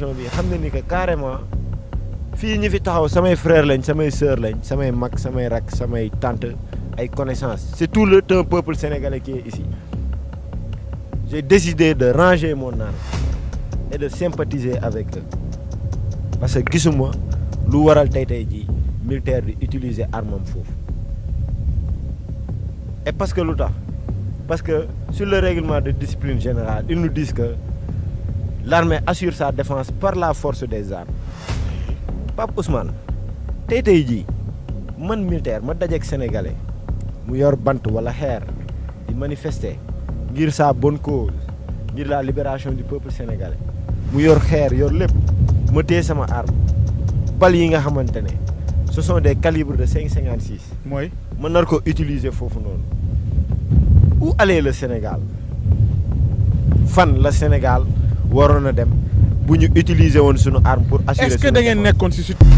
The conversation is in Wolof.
Je sais que carrément fii ñu fi taxaw samay samay connaissances c'est tout le temps peuple sénégalais qui est ici j'ai décidé de ranger mon arme et de sympathiser avec eux parce que moi, que waral militaire utilise utiliser armam et parce que lu parce que sur le règlement de discipline générale ils nous disent que l'armée assure sa défense par la force des armes Pape Ousmane tey tey jii man militaire ma dajeeg sénégalais mu yor bant wala xeer di manifester ngir sa bonne cause ngir la libération du peuple sénégalais mu yor xeer yor lepp ma té sama arme bal yi nga xamantene ce sont des calibres de 5.56..! moy man nar ko utiliser fofu non où allait le Sénégal fan la Sénégal warona dem buñu utiliser won suñu arme pour assurer. est-ce que da ngeen nekkoon si